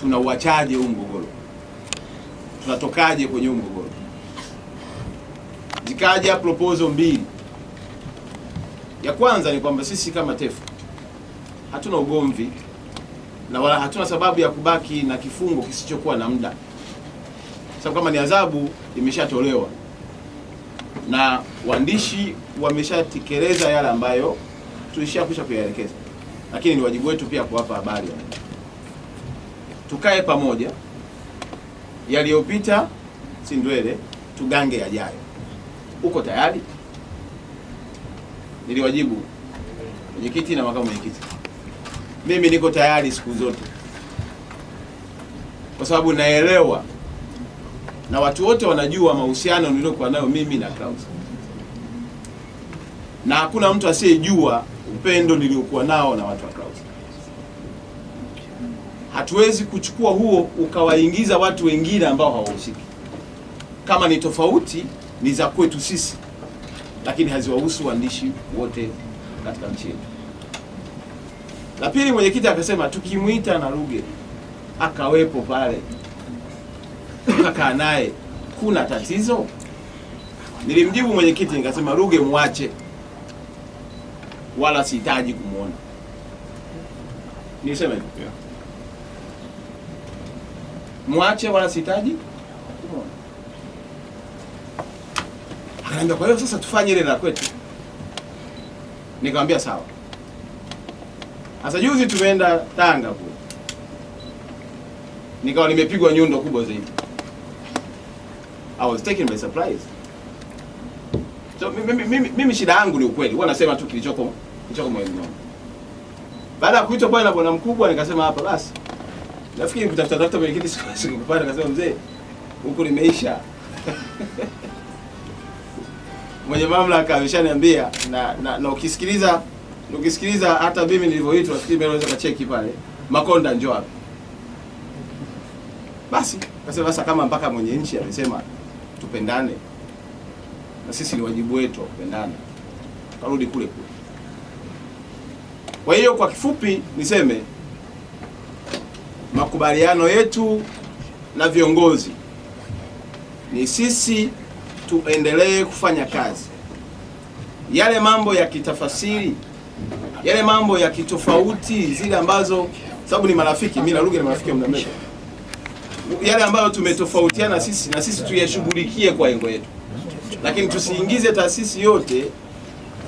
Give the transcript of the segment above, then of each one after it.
tunauachaje huu mgogoro? Tunatokaje kwenye huu mgogoro? Zikaja proposal mbili. Ya kwanza ni kwamba sisi kama TEFU hatuna ugomvi na wala hatuna sababu ya kubaki na kifungo kisichokuwa na muda, sababu kama ni adhabu imeshatolewa na waandishi wameshatekeleza yale ambayo tulishakwisha kuyaelekeza, lakini ni wajibu wetu pia kuwapa habari tukae pamoja, yaliyopita si ndwele, tugange yajayo. Uko tayari? Niliwajibu mwenyekiti na makamu mwenyekiti, mimi niko tayari siku zote, kwa sababu naelewa na watu wote wanajua mahusiano niliyokuwa nayo mimi na Clouds, na hakuna mtu asiyejua upendo niliokuwa nao na watu wa Clouds hatuwezi kuchukua huo ukawaingiza watu wengine ambao hawahusiki. Kama ni tofauti ni za kwetu sisi, lakini haziwahusu waandishi wote katika nchi yetu. La pili, mwenyekiti akasema tukimwita ruge akawepo pale akakaa naye, kuna tatizo? Nilimjibu mwenyekiti nikasema, Ruge mwache, wala sihitaji kumwona. Niseme yeah mwache wala sihitaji kumwona. Akaniambia, kwa hiyo sasa tufanye ile la kwetu. Nikamwambia sawa. Sasa juzi tumeenda Tanga kule, nikawa nimepigwa nyundo kubwa zaidi. I was taken by surprise. So mimi, mimi, mimi shida yangu ni ukweli, huwa nasema tu kilichoko kilichoko moyoni Baada ya kuitwa pale na bwana mkubwa, nikasema hapa basi Nafikiri kutafuta tafuta mwenyekiti sikupata, kasema mzee, huku limeisha. Mwenye mamlaka ameshaniambia na, na na ukisikiliza ukisikiliza hata mimi nilivyoitwa, nafikiri mimi naweza kacheki pale Makonda njoo hapa. Basi kasema sasa, kama mpaka mwenye nchi amesema tupendane, na sisi ni wajibu wetu kupendana, karudi kule kule. Kwa hiyo kwa kifupi niseme makubaliano yetu na viongozi ni sisi tuendelee kufanya kazi. Yale mambo ya kitafasiri, yale mambo ya kitofauti zile ambazo, sababu ni marafiki, mimi na Ruge ni marafiki wa muda mrefu, yale ambayo tumetofautiana sisi na sisi tuyashughulikie kwa lengo yetu, lakini tusiingize taasisi yote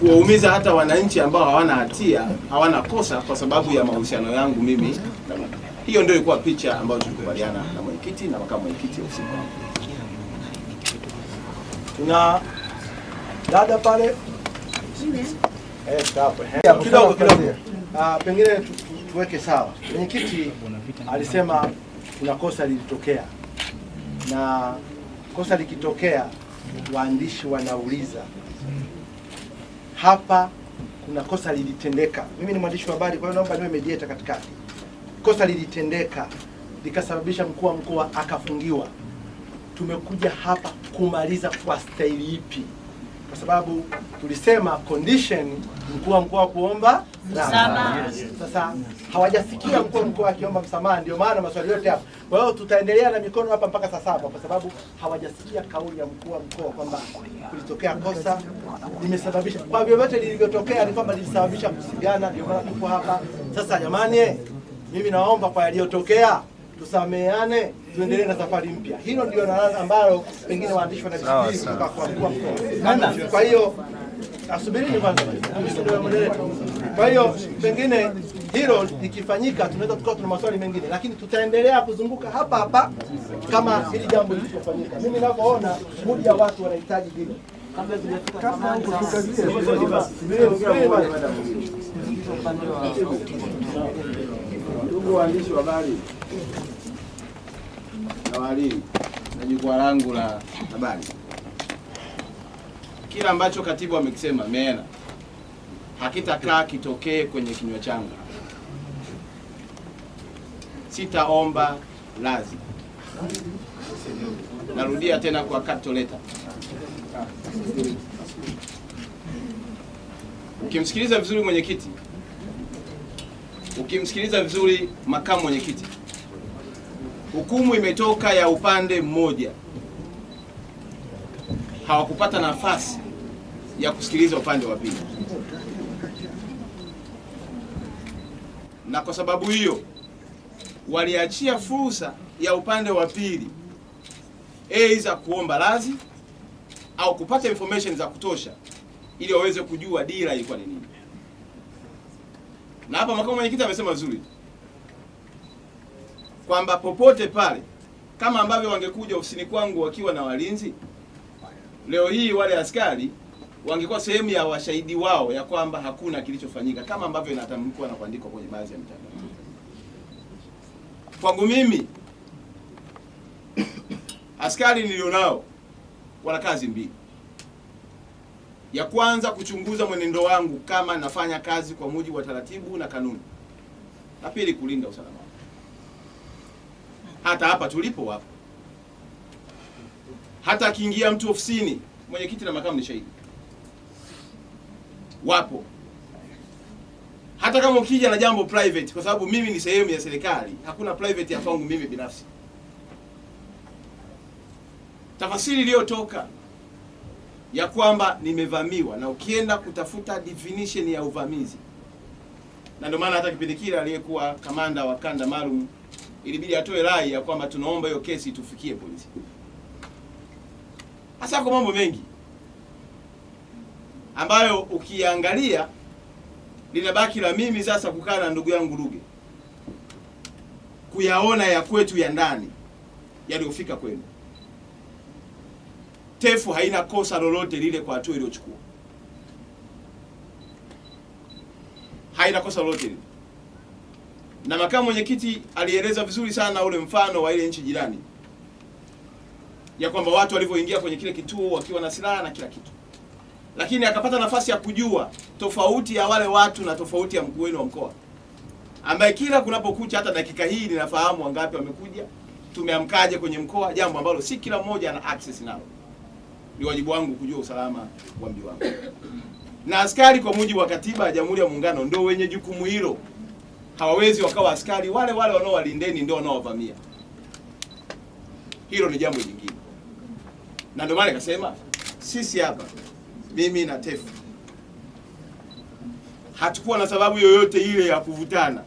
kuwaumiza hata wananchi ambao hawana hatia, hawana kosa, kwa sababu ya mahusiano yangu mimi hiyo ndio ilikuwa picha ambayo tulikubaliana na mwenyekiti na makamu mwenyekiti wa usiku. Tuna dada pale kidogo eh, kidogo, ah, pengine tuweke sawa. Mwenyekiti alisema kuna kosa lilitokea, na kosa likitokea waandishi wanauliza hapa kuna kosa lilitendeka. Mimi ni mwandishi wa habari, kwa hiyo naomba niwe mediator katikati kosa lilitendeka likasababisha mkuu wa mkoa akafungiwa. Tumekuja hapa kumaliza kwa staili ipi? Kwa sababu tulisema condition mkuu wa mkoa kuomba msamaha. Sasa hawajasikia mkuu wa mkoa akiomba msamaha, ndio maana maswali yote hapa. Kwa hiyo tutaendelea na mikono hapa mpaka saa saba, kwa sababu hawajasikia kauli ya mkuu wa mkoa kwamba kulitokea kosa limesababisha, kwa vyovyote lilivyotokea ni kwamba lilisababisha kusigana, ndio maana tuko hapa sasa jamani. Mimi naomba kwa yaliyotokea tusameane, tuendelee na safari mpya. Hilo ndio na ambalo pengine waandishi wanalisubiri kwa Kwa hiyo asubirini kwanza. Kwa hiyo pengine hilo likifanyika, tunaweza tukawa tuna maswali mengine, lakini tutaendelea kuzunguka hapa hapa kama hili jambo lilivyofanyika. Mimi ninavyoona mudi ya watu wanahitaji hilo kabla Ndugu waandishi wa habari na wahariri na jukwaa langu la habari, kila ambacho katibu amekisema meena hakitakaa kitokee kwenye kinywa changu. Sitaomba lazi. narudia tena kwa capital Ukimsikiliza vizuri mwenyekiti Ukimsikiliza vizuri makamu mwenyekiti, hukumu imetoka ya upande mmoja, hawakupata nafasi ya kusikiliza upande wa pili, na kwa sababu hiyo waliachia fursa ya upande wa pili aidha kuomba radhi au kupata information za kutosha ili waweze kujua dira ilikuwa ni nini na hapa makamu mwenyekiti amesema vizuri kwamba popote pale kama ambavyo wangekuja ofisini kwangu wakiwa na walinzi, leo hii wale askari wangekuwa sehemu ya washahidi wao ya kwamba hakuna kilichofanyika kama ambavyo inatamkwa na kuandikwa kwenye baadhi ya mitandao. Kwangu mimi askari nilionao wana kazi mbili ya kwanza kuchunguza mwenendo wangu kama nafanya kazi kwa mujibu wa taratibu na kanuni, na pili kulinda usalama. Hata hapa tulipo wapo, hata akiingia mtu ofisini, mwenyekiti na makamu ni shahidi, wapo. Hata kama ukija na jambo private, kwa sababu mimi ni sehemu ya serikali, hakuna private ya kwangu mimi binafsi. Tafasiri iliyotoka ya kwamba nimevamiwa, na ukienda kutafuta definition ya uvamizi, na ndio maana hata kipindi kile aliyekuwa kamanda wa kanda maalum ilibidi atoe rai ya kwamba tunaomba hiyo kesi itufikie polisi. Hasa kwa mambo mengi ambayo ukiangalia linabaki la mimi sasa kukaa na ndugu yangu Ruge kuyaona ya kwetu ya ndani yaliyofika kwenu. TEFU haina kosa lolote lile kwa hatua iliyochukua, haina kosa lolote lile, na makamu mwenyekiti alieleza vizuri sana ule mfano wa ile nchi jirani ya kwamba watu walivyoingia kwenye kile kituo wakiwa na silaha na kila kitu, lakini akapata nafasi ya kujua tofauti ya wale watu na tofauti ya mkuu wenu wa mkoa ambaye kila kunapokucha hata dakika hii ninafahamu wangapi wamekuja, tumeamkaje kwenye mkoa, jambo ambalo si kila mmoja ana access nalo ni wajibu wangu kujua usalama wa mji wangu, na askari kwa mujibu wa katiba ya Jamhuri ya Muungano ndio wenye jukumu hilo. Hawawezi wakawa askari wale wale wanaowalindeni ndio wanaowavamia. Hilo ni jambo jingine, na ndio maana nikasema sisi hapa, mimi na Tefu hatukuwa na sababu yoyote ile ya kuvutana.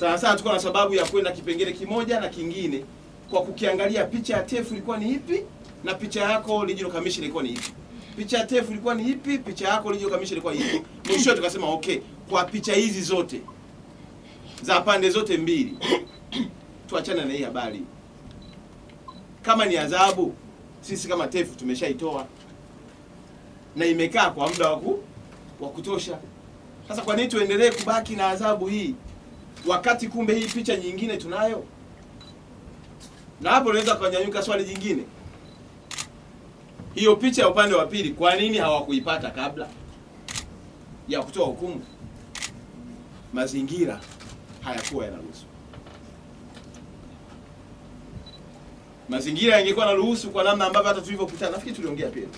Sana sana hatukuwa na sababu ya kwenda kipengele kimoja na kingine, kwa kukiangalia picha ya Tefu ilikuwa ni ipi na picha yako original kamishi ilikuwa ni ipi, picha ya Tefu ilikuwa ni ipi, picha yako original kamishi ilikuwa ipi. Mwisho tukasema okay, kwa picha hizi zote za pande zote mbili tuachane na hii habari. Kama ni adhabu, sisi kama Tefu tumeshaitoa na imekaa kwa muda wa kutosha. Sasa kwa nini tuendelee kubaki na adhabu hii wakati kumbe hii picha nyingine tunayo? Na hapo unaweza ukanyanyuka swali jingine, hiyo picha ya upande wa pili, kwa nini hawakuipata kabla ya kutoa hukumu? Mazingira hayakuwa yanaruhusu. Mazingira yangekuwa yanaruhusu kwa namna ambavyo hata tulivyokutana, nafikiri tuliongea pia,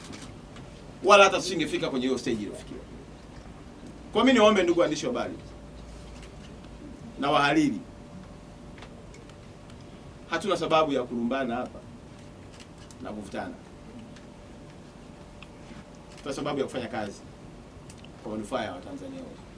wala hata tusingefika kwenye hiyo stage iliyofikiwa. Kwa mimi niombe ndugu waandishi wa habari na wahariri, hatuna sababu ya kulumbana hapa na kuvutana kwa sababu ya kufanya kazi kwa manufaa ya Watanzania wote.